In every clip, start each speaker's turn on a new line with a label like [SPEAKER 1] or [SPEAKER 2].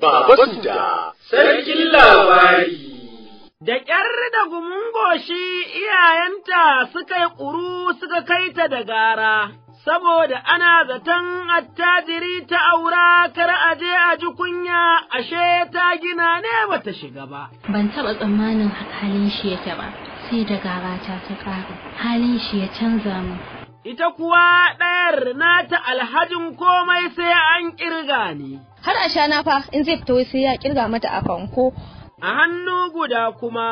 [SPEAKER 1] Baba da sarkin labari. Da ƙyar da gumin goshi iyayenta suka yi ƙuru suka kai ta da gara, saboda ana zaton attajiri ta aura kar a je a ji kunya ashe ta gina ne bata shiga ba.
[SPEAKER 2] Ban taɓa tsammanin halin shi yake ba, sai da gara ta ta ƙara, halin shi ya canza mu.
[SPEAKER 1] Ita kuwa ɗayar nata alhajin komai sai an ƙirga ne.
[SPEAKER 3] har a sha fa in zai fito sai ya kirga mata a fanko.
[SPEAKER 1] A hannu guda kuma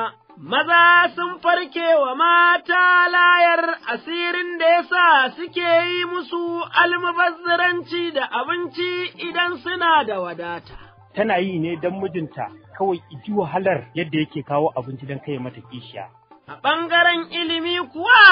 [SPEAKER 1] maza sun farke wa mata layar asirin da ya sa suke yi musu almubazziranci da abinci idan suna da wadata.
[SPEAKER 4] Tana yi ne don mijinta kawai iji wahalar yadda yake kawo abinci don kai mata kishiya.
[SPEAKER 1] A ɓangaren ilimi kuwa.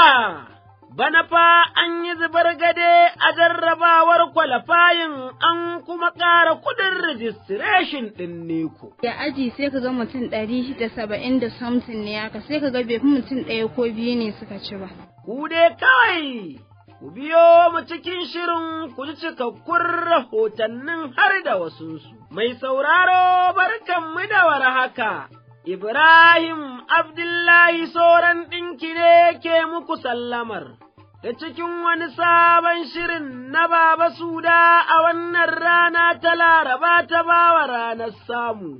[SPEAKER 1] Bana fa an yi zubar gade a jarrabawar kwalafayin an kuma ƙara kudin rijistireshin ɗin
[SPEAKER 5] ku. Da aji sai ka ga mutum ɗari da saba'in da samtin ne haka sai ka ga bai mutum ɗaya ko biyu ne suka ci ba.
[SPEAKER 1] Ku dai kawai ku biyo mu cikin shirin ku ji cikakkun rahotannin har da wasunsu. Mai sauraro barkanmu da warhaka. haka. Ibrahim Abdullahi sauran ɗinki ne ke muku sallamar, da cikin wani sabon shirin na Baba Suda a wannan rana ta Laraba ta bawa ranar samu,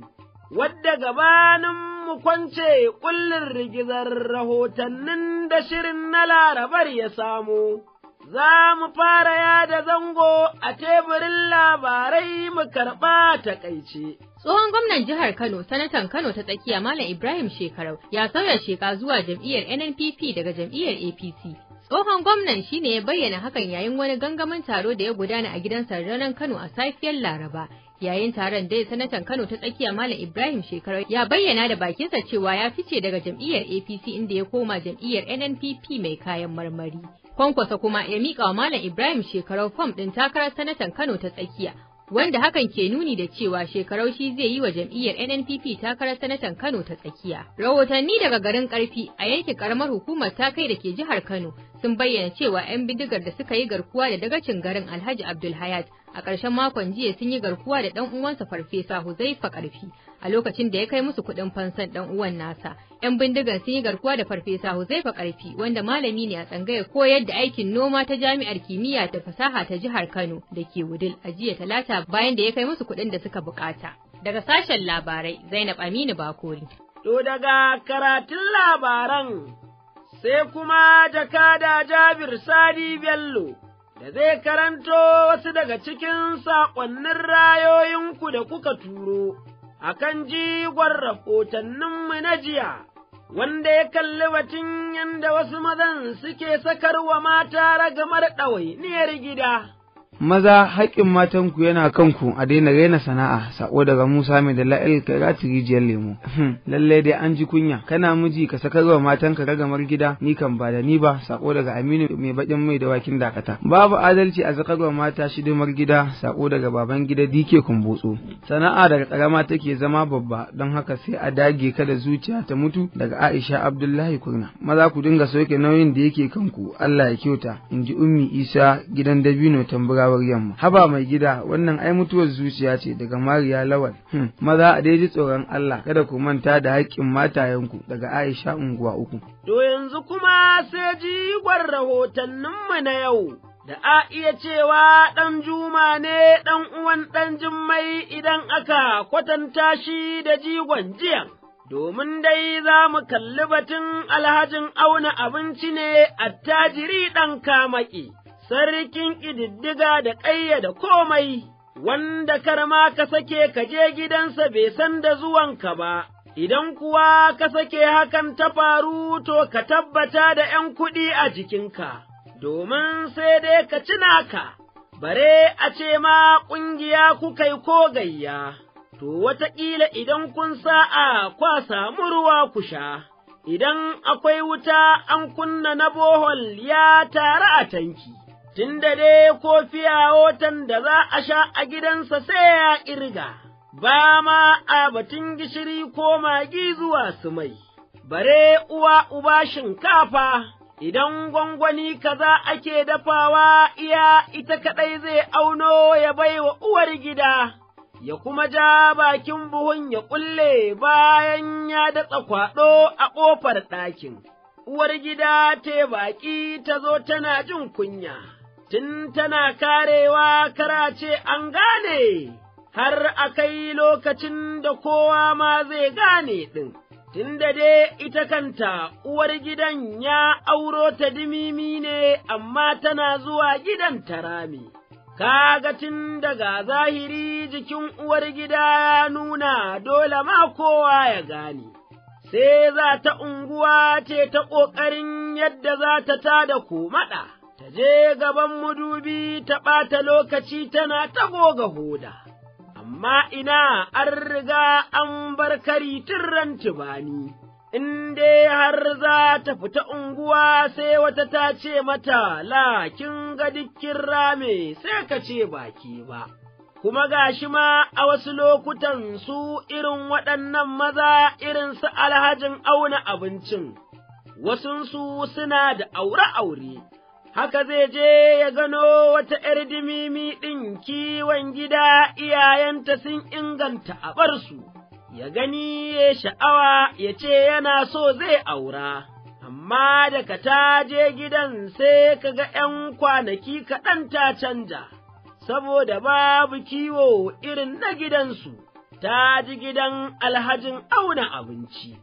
[SPEAKER 1] wadda gabanin mu kwance ƙullin rigizar rahotannin da shirin na Larabar ya samu, Za
[SPEAKER 3] mu fara yada zango a teburin labarai mu karɓa takaice. Tsohon gwamnan jihar Kano, sanatan Kano ta tsakiya Malam Ibrahim Shekarau ya sauya sheka zuwa jam'iyyar NNPP daga jam'iyyar APC. Tsohon gwamnan shi ne ya bayyana hakan yayin wani gangamin taro da ya gudana a gidan sararin Kano a safiyar Laraba. Yayin taron dai sanatan Kano ta tsakiya Malam Ibrahim Shekarau ya bayyana da bakinsa cewa ya fice daga jam'iyyar APC inda ya koma jam'iyyar NNPP mai kayan marmari. Kwankwasa kuma ya miƙa wa Malam Ibrahim Shekarau fom ɗin takarar sanatan Kano ta tsakiya wanda hakan ke nuni da cewa shekarau shi zai yi wa jam'iyyar NNPP takarar sanatan Kano ta tsakiya. Rahotanni daga garin Karfi a yanke karamar hukumar ta kai da ke jihar Kano sun bayyana cewa 'yan bindigar da suka yi garkuwa da dagacin garin Alhaji Abdulhayat, a ƙarshen makon jiya sun yi garkuwa da ɗan uwansa Farfesa Huzaifa ƙarfi. a lokacin da ya kai musu kuɗin fansan ɗan uwan nasa. 'Yan bindigar sun yi garkuwa da farfesa Huzaifa Karfi wanda malami ne a tsangaya koyar da aikin noma ta jami'ar kimiyya ta fasaha ta jihar Kano da ke Wudil a jiya talata bayan da ya kai musu kuɗin da suka buƙata, Daga sashen labarai Zainab Aminu Bakori.
[SPEAKER 1] To daga karatun labaran sai kuma jakada Jabir Sadi Bello. da zai karanto wasu daga cikin saƙonnin rayoyinku da kuka turo. akan jigon rahotanninmu na jiya, wanda ya kalli batun yadda wasu mazan suke sakarwa mata ragamar ɗawainiyar gida. maza haƙƙin matanku yana kanku a daina raina sana'a sako daga Musa mai da el kaira rijiyar lemu. Hmm, lallai dai an ji kunya kana miji ka sakarwa ka ragamar gida ni kan ba da ni ba sako daga Aminu mai baƙin mai da wakin dakata babu adalci a wa mata shidimar gida sako daga baban gida dike kumbutsu sana'a daga karama take zama babba don haka sai a dage ka da zuciya ta mutu daga Aisha Abdullahi Kurna maza ku dinga soke nauyin da yake kanku Allah ya kyauta in ji Ummi Isa gidan Dabino tambura gawar yamma haba mai gida wannan ai mutuwar zuciya ce daga mariya lawal hmm. maza a daidai tsoron allah kada ku manta da haƙƙin matayenku daga aisha unguwa uku to yanzu kuma sai jigon rahotanninmu na yau da a iya cewa ɗan juma ne ɗan uwan ɗan jimmai idan aka kwatanta shi da jigon jiya, domin dai za mu kalli batun alhajin auna abinci ne a tajiri ɗan kamaki. sarkin ƙididdiga da ƙayyada komai, wanda karma ka sake ka je gidansa bai san da zuwanka ba, idan kuwa ka sake hakan ta faru to ka tabbata da ’yan kuɗi a jikinka, domin sai dai ka ci naka bare a ce ma ƙungiya kuka yi ko gayya. To, wataƙila idan kun sa'a kwa samu ruwa ku sha, idan akwai wuta an kunna na bohol ya tare a tanki. tun da dai kofi wotan da za a sha a gidansa sai ya ƙirga, ba ma a batun gishiri ko magi zuwa su mai, bare uwa uba shinkafa, idan gwangwani kaza ake dafawa iya ita kaɗai zai auno ya baiwa uwar gida. Ya kuma ja bakin buhun ya ƙulle bayan ya datsa kwaɗo a ƙofar ɗakin, uwar gida ta baƙi ta zo tana jin kunya. tun tana karewa karace an gane, har akai lokacin da kowa ma zai gane ɗin. Tunda dai ita kanta uwar gidan ya auro ta dimimi ne amma tana zuwa gidan ta tarami. Kaga tun daga zahiri jikin uwar gida ya nuna dole ma kowa ya gane, sai za ta unguwa ce ta ƙoƙarin yadda za ta tada komaɗa. je gaban madubi ta ɓata lokaci tana ta goga hoda, amma ina an riga an bar kari ran tubani, in dai har za ta fita unguwa sai wata ta ce mata lakin ga dukkin rame sai ka ce baki ba. Kuma gashi ma a wasu lokutan su irin waɗannan maza irin su alhajin auna abincin, wasunsu suna da aure-aure. haka zai je ya gano wata ’yar dimimi ɗin kiwon gida iyayenta sun inganta a barsu, ya gani ya sha'awa ya ce yana so zai aura, amma daga ta je gidan sai ka ga ’yan kwanaki kaɗan ta canja, saboda babu kiwo irin na gidansu, ta ji gidan alhajin auna abinci.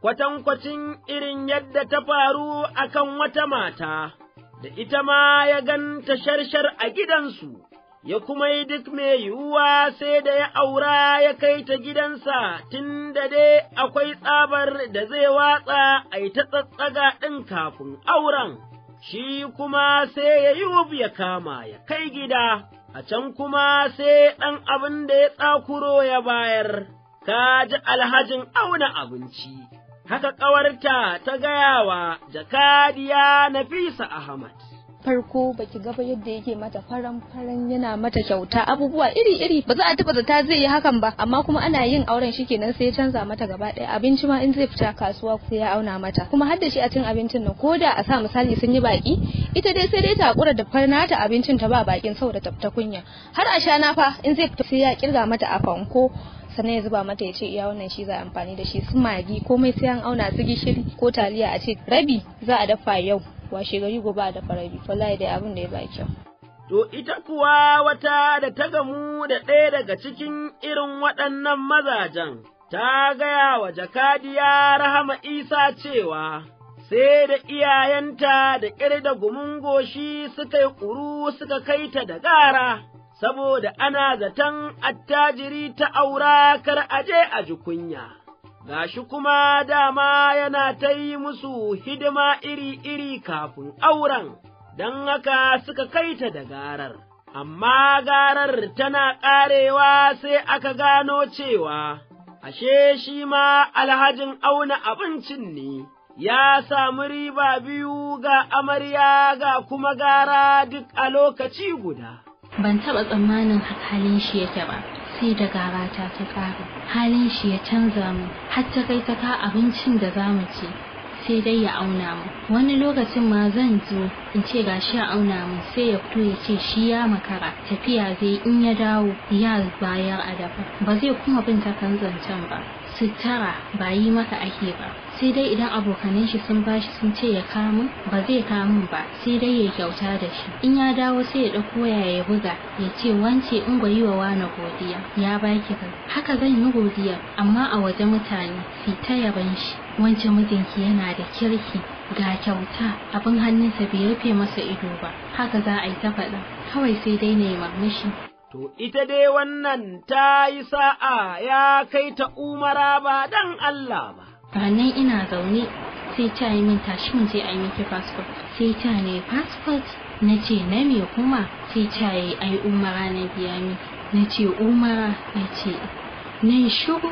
[SPEAKER 1] kwatankwacin irin yadda ta faru akan wata mata, da ita ma ya ganta sharshar a gidansu, ya kuma yi duk mai yiwuwa sai da ya aura ya kai ta gidansa tun da dai akwai tsabar da zai watsa a yi ta tsattsaga ɗin kafin auren, shi kuma sai ya yi ya kama ya kai gida, a can kuma sai ɗan abin da ya tsakuro ya bayar, ka ji alhajin auna abinci. haka ƙawarta ta gayawa wa jakadiya Nafisa Ahmad.
[SPEAKER 3] farko baki gaba yadda yake mata faran faran yana mata kyauta abubuwa iri iri ba za a taba zata zai yi hakan ba amma kuma ana yin auren shi kenan sai ya canza mata gaba ɗaya abinci ma in zai fita kasuwa sai ya auna mata kuma har da shi a cin abincin nan koda a sa misali sun yi baki ita dai sai dai ta hakura da farna ta abincin ta ba bakin saboda ta kunya har a sha na fa in zai fita sai ya kirga mata a fanko sannan ya zuba mata ya ce iya wannan shi za a amfani da shi su magi komai sai an auna su gishiri ko taliya a ce rabi za a dafa yau washe gari gobe a dafa rabi wallahi dai abin da ya ba kyau
[SPEAKER 1] To ita kuwa wata da ta gamu da ɗaya daga cikin irin waɗannan mazajen, ta gaya wa jakadiya Rahama Isa cewa, sai da iyayenta da ƙir da gumin goshi suka yi ƙuru suka kai ta da gara. saboda ana zaton attajiri ta aura kar aje a jikunya, kunya. Gashi kuma dama yana ta yi musu hidima iri-iri kafin auren, don haka suka kaita da garar, amma garar tana ƙarewa sai aka gano cewa, ashe shi ma alhajin auna abincin ne, ya samu riba biyu ga amarya ga kuma gara duk a lokaci guda.
[SPEAKER 2] ban taɓa tsammanin halin shi yake ba sai da gara ta ta ƙara. halin shi ya canza mu har ta kai ta ka abincin da za mu ci sai dai ya auna mu wani lokacin ma zan zo in ce ga shi ya auna mu sai ya fito ya ce shi ya makara tafiya zai in ya dawo ya bayar a dafa ba zai kuma bin ta kan zancen ba sitara ba yi masa ake ba sai dai idan abokanan shi sun bashi sun ce ya kamun ba zai kamun ba sai dai ya kyauta da shi in ya dawo sai ya ɗauko ya ya buga ya ce wance in yi wa wani godiya ya baki ka haka zan yi godiya amma a waje mutane fita ban shi wance mijinki yana da kirki ga kyauta abin hannunsa bai rufe masa ido ba haka za a yi ta faɗa kawai sai dai na yi murmushi
[SPEAKER 1] to ita dai wannan ta yi sa'a
[SPEAKER 2] ya kai ta
[SPEAKER 1] umara ba dan Allah ba.
[SPEAKER 2] Ranar ina zaune sai ta yi min tashi mu je an yi miki fasfot. Sai ta ne fasfot na ce na me kuma sai ta yi ai umara na biya mi. Na ce umara na ce na shiru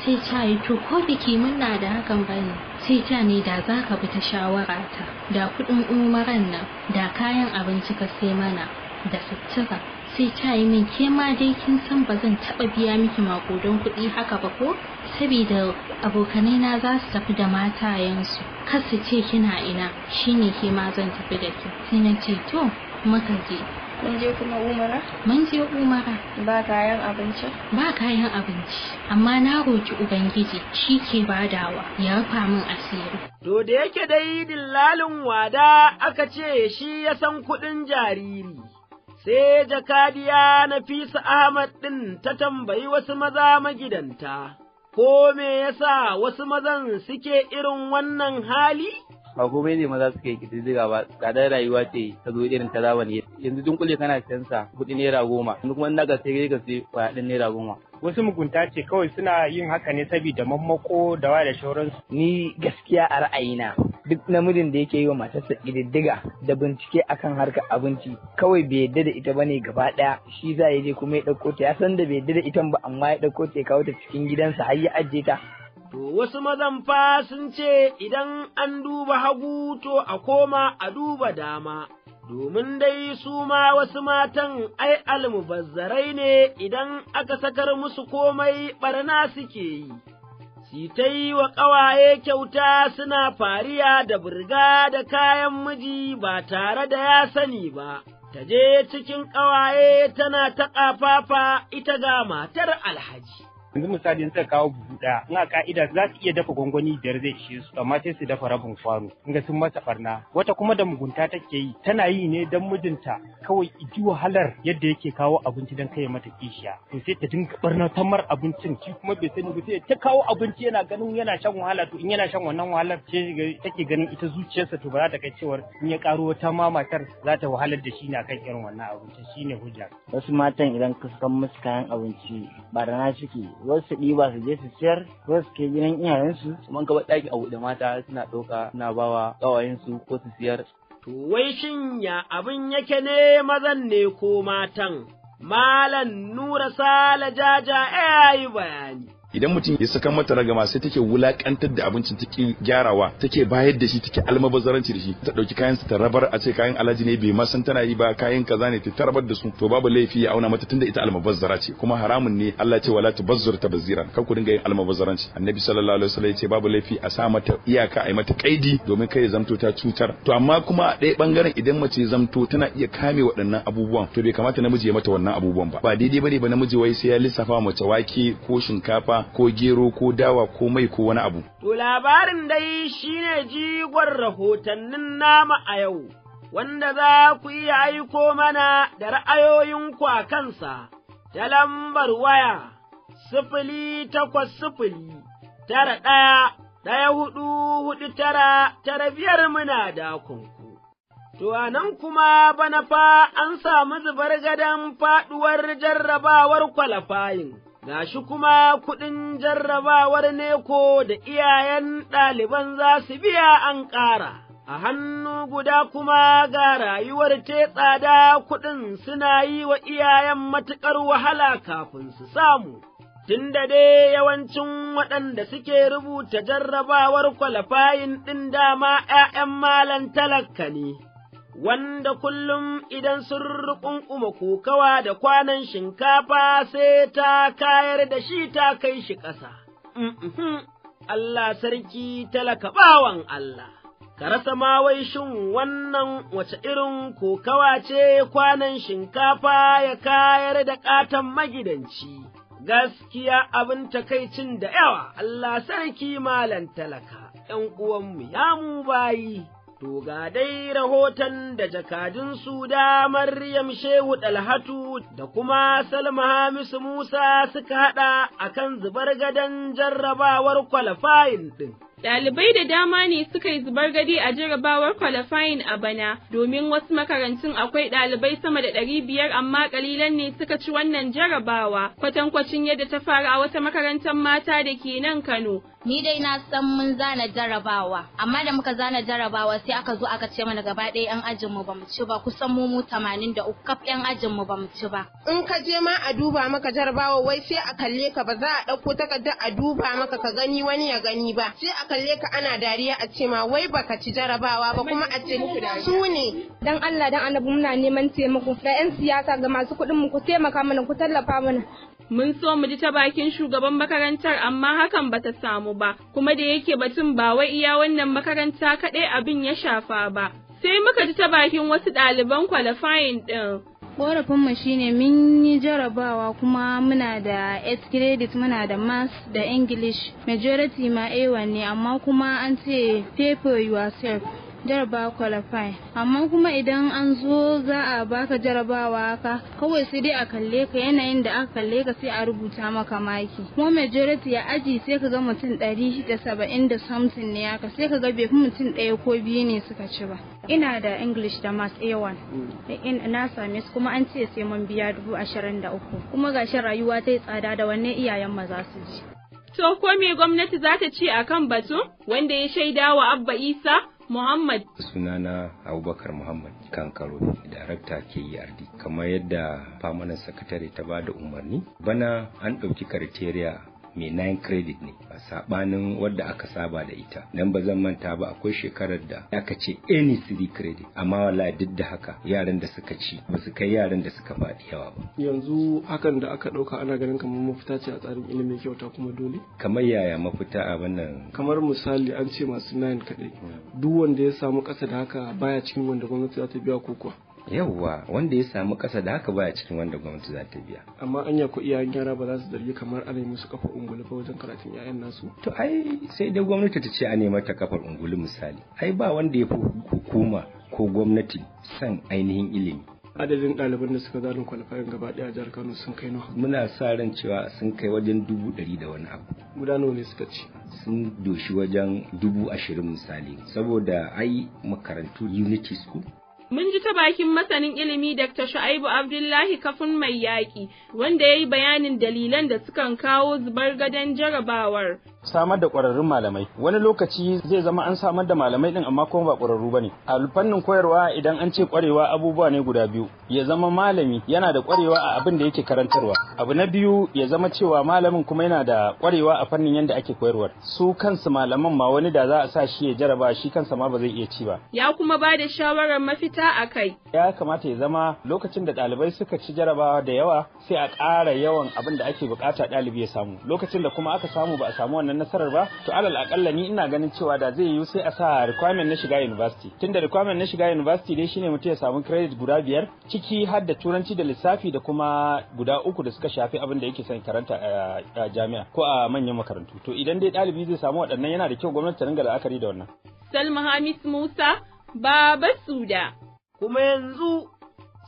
[SPEAKER 2] sai ta yi to ko biki muna da hakan ba ne. sai ta ne da za ka bi ta shawara ta da kuɗin umaran nan da kayan abinci ka sai mana da sutura sai ta yi min ke ma dai kin san ba zan taɓa biya miki maƙudan kuɗi haka ba ko saboda abokanai na za su tafi da matayensu kar su ce kina ina shine ke ma zan tafi da ki sai na ce to muka je Mun je kuma umara? Mun je umara. Ba kayan abinci? Ba kayan abinci. Amma na roki Ubangiji shi ke badawa ya rufa min asiri.
[SPEAKER 1] To da yake dai dillalin wada aka ce shi ya san kuɗin jariri. sai jakadiya Nafisa Ahmad ɗin ta tambayi wasu maza magidanta, ko me yasa wasu mazan suke irin wannan hali?
[SPEAKER 4] Ba komai ne maza suke ziga ba, tsadar rayuwa ce ta zo irin ta zamani. Yanzu dunkule kana siyansa kuɗi naira goma, yanzu kuma ina ga sai ga sai kuɗin naira goma. wasu mugunta ce kawai suna yin haka ne saboda mammako da wa da shauransu ni gaskiya
[SPEAKER 2] a ra'ayina
[SPEAKER 1] duk namijin da yake yi wa matarsa ƙididdiga da bincike akan harkar abinci kawai bai yadda da ita bane gaba ɗaya shi za ya je kuma ya ɗauko ta ya san da bai yadda da ita ba amma ya ɗauko ta ya kawo ta cikin gidansa har ya ajiye ta To wasu mazan fa sun ce idan an duba hagu to a koma a duba dama, domin dai su ma wasu matan ai almubazzarai ne idan aka sakar musu komai ɓarna suke yi, si ta yi wa ƙawaye kyauta suna fariya da burga da kayan miji ba tare da ya sani ba, ta je cikin ƙawaye tana ta ƙafafa ita ga matar alhaji.
[SPEAKER 4] Yanzu daya in a ka'ida za su iya dafa gwangwani biyar zai ci su amma sai su dafa rabin kwano inga sun masa barna wata kuma da mugunta take yi tana yi ne dan mijinta kawai ji wahalar yadda yake kawo abinci dan kai mata kishiya to sai ta dinga barna tamar abincin shi kuma bai sani ba sai ta kawo abinci yana ganin yana shan wahala to in yana shan wannan wahalar ce take ganin ita zuciyarsa to ba za ta kai cewar in ya karo wata ma matar za ta wahalar da shi na kan irin wannan abincin shine hujja wasu matan idan kan musu kayan abinci ba da na suke wasu ɗiba su je su sayar biyar ko suke ke gidan iyayensu kuma ka ɗaki a buɗe mata suna ɗauka suna bawa ƙawayensu ko su siyar.
[SPEAKER 1] To wai shin ya abin yake ne mazan ne ko matan? Malam Nura Sale Jaja ya yi bayani.
[SPEAKER 4] idan mutum ya saka mata ragama sai take wulakantar da abincin take gyarawa take bayar da shi take almabazaranci da shi ta dauki kayan ta rabar a ce kayan alaji ne bai ma san tana yi ba kayan kaza ne ta tarbar da su to babu laifi ya auna mata tunda ita almabazzara ce kuma haramun ne Allah ce wala tubazzir tabazziran kar ku dinga yin almabazzaranci annabi sallallahu alaihi wasallam ya ce babu laifi a sa mata iyaka a yi mata kaidi domin kai zamto ta cutar to amma kuma a ɗaya bangaren idan mace zamto tana iya kame waɗannan abubuwan to bai kamata namiji ya mata wannan abubuwan ba ba daidai bane ba namiji wai sai ya lissafa mace wake ko shinkafa ko gero ko dawa ko mai ko wani abu.
[SPEAKER 1] To labarin dai shine jigon rahotannin nama a yau, wanda za ku iya aiko mana da ra'ayoyinku a kansa ta lambar waya sifili takwas sifili tara ɗaya ɗaya hudu hudu tara tara biyar muna dakunku. To, a nan kuma bana fa an samu zubar gadon faɗuwar jarrabawar kwalafayin. ga shi kuma kuɗin jarrabawar neko da iyayen ɗaliban za su biya an ƙara, a hannu guda kuma ga rayuwar ce tsada kuɗin suna yi wa iyayen matuƙar wahala kafin su samu. Tun da dai yawancin waɗanda suke rubuta jarrabawar kwalafayin ɗin dama ‘ya'yan malan talakka ne. wanda kullum idan sun rukunkuma kokawa da kwanan shinkafa sai ta kayar da shi ta kai shi ƙasa. Mm-hmm. Allah sarki talaka bawan Allah, ka rasa ma shin wannan wace irin kokawa ce kwanan shinkafa ya kayar da ƙaton magidanci. Gaskiya abin takaicin da yawa, Allah sarki malan talaka, ’yan uwanmu ya mu bayi. To ga dai rahoton da jakadun Suda Maryam Shehu Dalhatu da kuma Salma Hamisu Musa suka haɗa akan zubar gadon jarrabawar kwalafayin ɗin. Dalibai da dama
[SPEAKER 5] ne suka yi zubar gadi a jarabawar qualifying a bana, domin wasu makarantun akwai dalibai sama da ɗari biyar amma ƙalilan ne suka ci wannan jarabawa, kwatankwacin yadda ta
[SPEAKER 2] fara a wata makarantar mata da ke nan Kano. Ni dai na san mun zana jarabawa, amma da muka zana jarabawa sai aka zo aka ce mana gaba ɗaya 'yan ajinmu ba mu ci ba, kusan mu mu tamanin da uku kaf 'yan ajinmu ba mu ci ba.
[SPEAKER 5] In ka je ma a duba maka jarabawa wai sai a kalle ka ba za a ɗauko takardar a duba maka ka gani wani ya gani ba, kalle ka ana dariya a ce ma wai baka ci jarabawa ba kuma a ce su ne dan Allah dan Annabi muna neman taimako da yan siyasa ga masu kuɗin mu ku taimaka mana ku tallafa mana Mun so mu ji ta bakin shugaban makarantar amma hakan bata samu ba kuma da yake batun ba wai iya wannan makaranta kaɗai abin ya shafa ba sai muka ji ta bakin wasu ɗaliban kwalifayin ɗin korafinmu shine mun yi jarabawa kuma muna da 8 credit muna da maths da english majority ma a ne amma kuma an ce paper yourself jaraba qualify amma kuma idan an zo za a baka jarabawa ka kawai sai dai a kalle ka yanayin da aka kalle ka sai a rubuta maka maki kuma majority ya aji sai ka ga mutum ɗari da saba'in da something ne haka sai ka ga bai fi mutum ɗaya ko biyu ne suka ci ba ina da english da math a1 na same su kuma an ce sai mun biya dubu ashirin da uku kuma gashi rayuwa ta yi tsada da wanne iyayen maza su ji to ko me gwamnati za ta ce akan batu wanda ya shaida wa abba isa Muhammad.
[SPEAKER 4] Sunana Abubakar Muhammad Kankaro, darakta KERD. Kamar yadda famanin sakatare ta ba da umarni, bana an ɗauki kariteriya mai nine credit ne a sabanin wadda aka saba da ita dan ba zan manta ba akwai shekarar da aka ce any three credit amma wala duk da haka yaran da suka ci ba su kai yaran da suka faɗi yawa ba yanzu hakan da aka ɗauka ana ganin kamar mafita ce a tsarin ilimin kyauta kuma dole kamar yaya mafita a wannan kamar misali an ce masu nine kaɗai hmm. duk wanda ya samu ƙasa da haka baya cikin wanda gwamnati za ta biya ko yauwa wanda ya samu kasa da haka baya cikin wanda gwamnati za ta biya amma anya ko iyayen yara ba za su zargi kamar ana musu kafar ungulu fa wajen karatun yayan nasu to ai sai dai gwamnati ta ce a nema ta kafar ungulu misali ai ba wanda ya fi hukuma ko gwamnati san ainihin ilimi adadin ɗaliban da suka zalin kwalifayin gaba ɗaya jihar Kano sun kai nawa. Muna sa ran cewa sun kai wajen dubu ɗari da wani abu. Guda nawa ne suka ci? Sun doshi wajen dubu ashirin misali saboda ai makarantu Unity School
[SPEAKER 5] Mun ji ta bakin masanin ilimi Dr. Shu'aibu Abdullahi kafin mai yaƙi wanda ya yi bayanin dalilan da sukan kawo zubar gadon jarabawar
[SPEAKER 4] samar da kwararrun malamai wani lokaci zai zama an samar da malamai din amma kuma ba ƙwararru bane a fannin koyarwa idan an ce kwarewa abubuwa ne guda biyu ya zama malami yana da kwarewa a abin da yake karantarwa abu na biyu ya zama cewa malamin kuma yana da kwarewa a fannin yadda ake koyarwa su kansu malaman ma wani da za a sa shi ya jaraba shi kansa ma ba zai iya ci ba ya kuma ba da shawarar mafita a kai ya kamata ya zama lokacin da ɗalibai suka ci jarabawa da yawa sai a ƙara yawan abin da ake bukata ɗalibi ya samu lokacin da kuma aka samu ba a samu wannan wannan nasarar ba to alal akalla ni ina ganin cewa da zai yiwu sai a sa requirement na shiga university tunda requirement na shiga university dai shine mutum ya samu credit guda biyar ciki har da turanci da lissafi da kuma guda uku da suka shafi abin da yake son karanta a jami'a ko a manyan makarantu to idan dai ɗalibi zai samu waɗannan yana da kyau gwamnati ta ringa la'akari da wannan
[SPEAKER 5] Salma Hamis Musa Baba Suda
[SPEAKER 1] kuma yanzu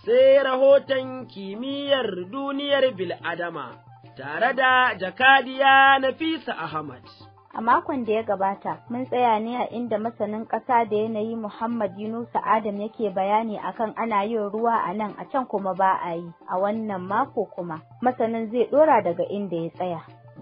[SPEAKER 1] sai rahoton kimiyyar duniyar bil'adama tare da jakadiya Nafisa Ahmad.
[SPEAKER 2] A makon da ya gabata, mun tsaya ne a inda masanin ƙasa da yanayi Muhammad Yunusa Adam yake bayani akan ana yin ruwa a nan a can kuma ba a yi, a wannan mako kuma. Masanin zai ɗora daga inda ya tsaya.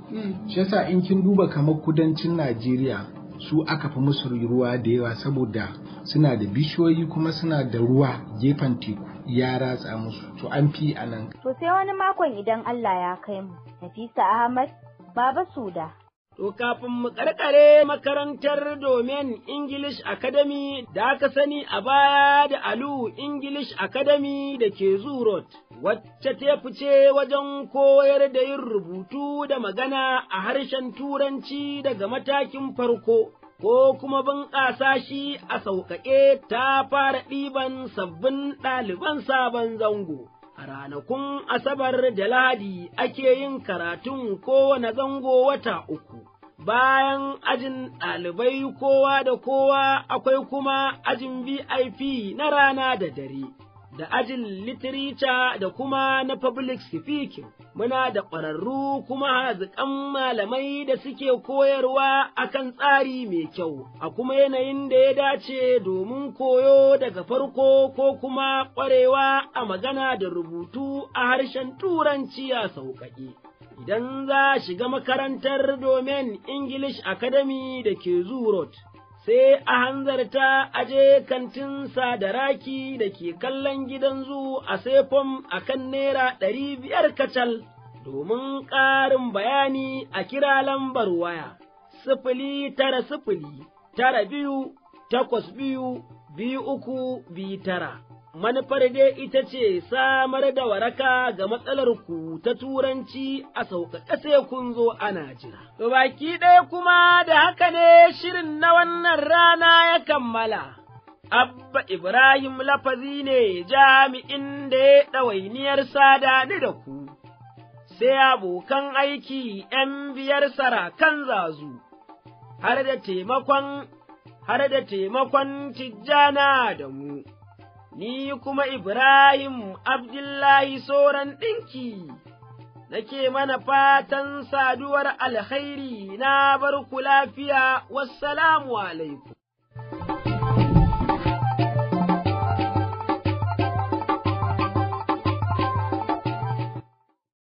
[SPEAKER 2] Hmm,
[SPEAKER 4] Shasa in kin duba kamar kudancin Najeriya, su aka fi musu ruwa da yawa saboda suna da bishiyoyi kuma suna da ruwa gefen teku ya ratsa musu to an fi a nan.
[SPEAKER 2] To sai wani makon idan Allah ya kai mu, Nafisa Ahmad, Baba Suda.
[SPEAKER 1] To kafin mu karkare makarantar domin English Academy da aka sani a baya da Alu English Academy da ke Zurot, wacce ta fice wajen koyar da yin rubutu da magana a harshen Turanci daga matakin farko. ko kuma bunƙasa shi a sauƙaƙe ta fara ɗiban sabbin ɗaliban sabon zango. A ranakun Asabar da Lahadi ake yin karatun kowane zango wata uku. bayan ajin ɗalibai kowa da kowa akwai kuma ajin VIP na rana da dare. da ajin literature da kuma na public speaking. Muna da ƙwararru kuma haziƙan malamai da suke koyarwa akan tsari mai kyau, a kuma yanayin da ya dace domin koyo daga farko ko kuma ƙwarewa a magana da rubutu a harshen Turanci a sauƙaƙe. idan za shiga makarantar domin English Academy da ke zuru Road. sai a hanzarta a je kantin sadaraki da ke kallon gidan zu a sefom a kan Naira ɗari biyar kacal domin ƙarin bayani a kira lambar waya sifili tara sifili tara biyu takwas biyu biyu uku biyu tara. manufar dai ita ce samar da waraka ga matsalar ku ta turanci a sauƙaƙe sai kun zo ana jira. baki ɗaya kuma da haka ne shirin na wannan rana ya kammala. Abba Ibrahim lafazi ne jami'in da ya ɗawainiyar sada ni da ku, sai abokan aiki ’yan biyar sarakan zazu, har da taimakon, har da taimakon tijjana da mu. ni kuma Ibrahim Abdullahi Soran ɗinki, nake mana fatan saduwar alkhairi na barku lafiya, wassalamu alaikum.